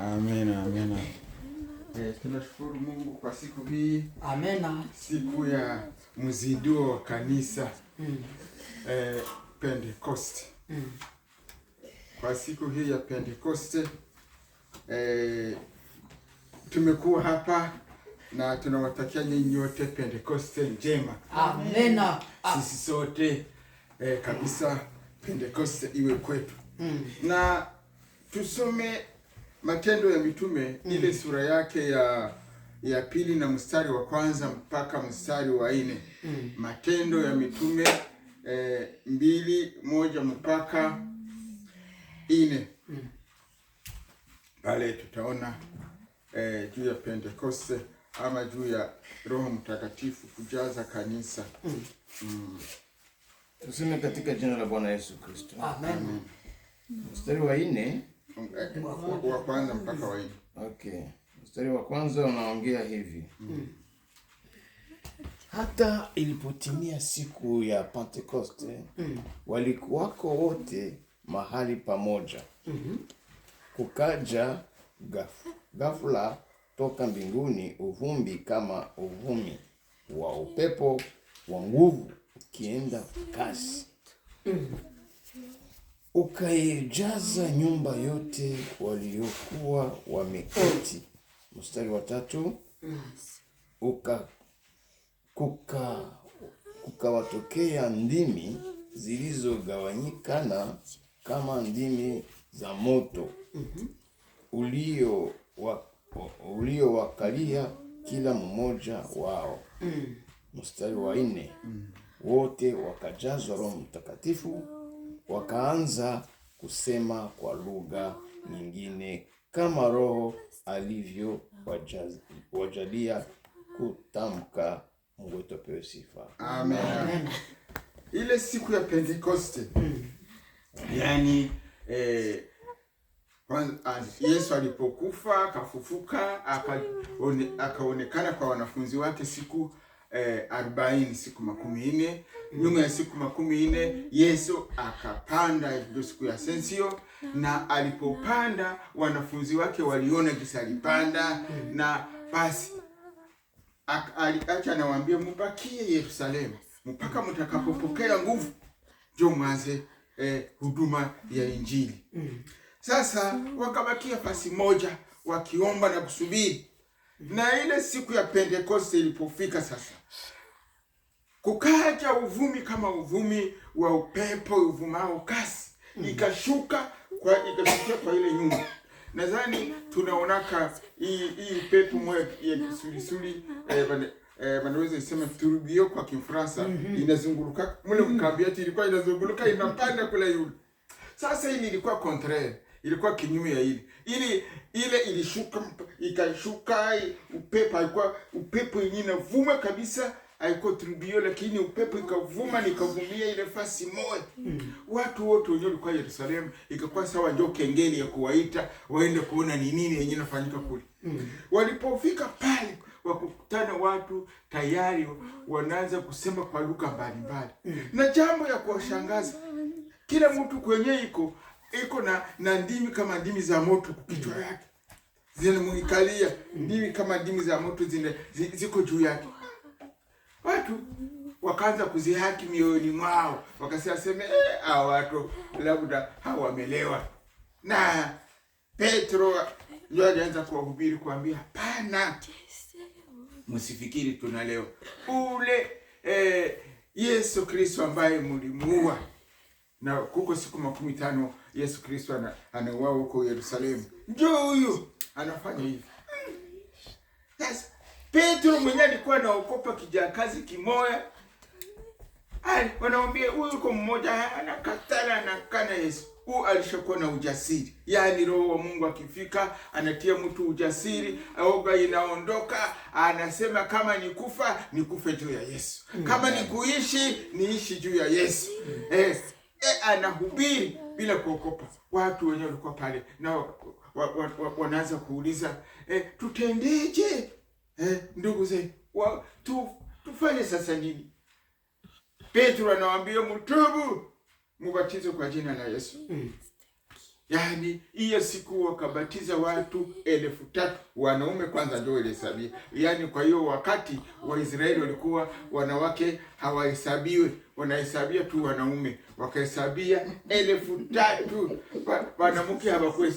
Amina, amina. Eh, tunashukuru Mungu kwa siku hii. Amina. Siku ya mziduo wa kanisa mm. Eh, Pentecost mm. Kwa siku hii ya Pentecost eh, tumekuwa hapa na tunawatakia nyinyi wote Pentecost njema. Amina. Ah. Sisi sote eh, kabisa Pentecost iwe kwetu mm. Na tusome Matendo ya Mitume mm. ile sura yake ya ya pili na mstari wa kwanza mpaka mstari wa nne mm. Matendo ya Mitume e, mbili moja mpaka nne mm. pale mm. tutaona e, juu ya Pentekoste ama juu ya Roho Mtakatifu kujaza kanisa mm. Mm. Tuseme katika jina la Bwana Yesu Kristo. Amen. Mstari wa nne wa kwanza mpaka wa nne. Okay, mstari wa kwanza unaongea hivi mm. Hata ilipotimia siku ya Pentekoste mm. Mm-hmm. walikuwako wote mahali pamoja mm -hmm. Kukaja ghafla toka mbinguni uvumbi kama uvumi wa upepo wa nguvu ukienda kasi mm -hmm ukaijaza nyumba yote waliokuwa wameketi. Mstari wa tatu, uka kuka kukawatokea ndimi zilizogawanyikana kama ndimi za moto ulio wa, uliowakalia kila mmoja wao. Mstari wa nne, wote wakajazwa Roho Mtakatifu wakaanza kusema kwa lugha nyingine kama Roho alivyo wajalia kutamka. Mungu wetu apewe sifa. Amen. Amen. Ile siku ya Pentekoste hmm. yani, eh, ah, Yesu alipokufa akafufuka akaonekana kwa wanafunzi wake siku eh, arobaini siku makumi ine nyuma ya siku makumi ine Yesu akapanda hivyo siku ya sensio, na alipopanda wanafunzi wake waliona jinsi alipanda, na basi aliacha anawaambia mubakie Yerusalemu mpaka mtakapopokea nguvu, ndio mwanze eh, huduma ya Injili. Mm. Sasa wakabakia fasi moja wakiomba na kusubiri na ile siku ya Pentekoste ilipofika sasa, kukaja uvumi kama uvumi wa upepo uvumao kasi, mm. ikashuka kwa ikashukia kwa ile nyumba. Nadhani tunaonaka hii hii upepo mwe ya kisulisuli eh, eh, wanaweza isema turubio kwa Kifaransa mm -hmm. Inazunguluka mule ati ilikuwa inazunguluka inapanda kule yule. Sasa hii ilikuwa contraire ilikuwa kinyume ya ile ili ile ilishuka ikashuka upepo, alikuwa upepo yenyewe inavuma kabisa, alikuwa tribio, lakini upepo ikavuma nikavumia ile fasi moja hmm. Watu wote wenyewe walikuwa Yerusalemu, ikakuwa sawa njoo kengeni ya kuwaita waende kuona ni nini yenyewe inafanyika kule hmm. Walipofika pale wakutana watu tayari wanaanza kusema kwa lugha mbalimbali hmm. Na jambo ya kuwashangaza kila mtu kwenye iko iko na, na ndimi kama ndimi za moto kichwa mm. yake zinamuikalia, ndimi kama ndimi za moto zina, ziko juu yake. Watu wakaanza kuzihaki mioyoni mwao, wakasema eh, hawa watu labda hawamelewa wamelewa. Na Petro ndio alianza kuwahubiri kuambia, hapana, msifikiri tunalewa ule eh, Yesu Kristo ambaye mlimuua na kuko siku makumi tano Yesu Kristo ana, anauawa huko Yerusalemu. ndio huyu anafanya hivi. Yes. Petro mwenye alikuwa anaokopa kijakazi kimoya. Ali wanamwambia huyu uko mmoja anakatala anakana Yesu. Huyu alishakuwa na ujasiri. Yaani roho wa Mungu akifika anatia mtu ujasiri, oga inaondoka, anasema kama nikufa nikufe juu ya Yesu. Kama nikuishi niishi juu ya Yesu. Yes e, anahubiri bila kuokopa. Watu wenyewe walikuwa pale na wanaanza kuuliza e, tutendeje? E, ndugu zetu tu, tufanye sasa nini? Petro anawaambia mtubu, mubatizo kwa jina la Yesu. Hmm. Yaani hiyo siku wakabatiza watu elfu tatu wanaume kwanza ndio walihesabiwa. Yaani kwa hiyo wakati Waisraeli walikuwa wanawake hawahesabiwi, wanahesabia tu wanaume, wakahesabia elfu tatu wanamke hawakuhesabiwa.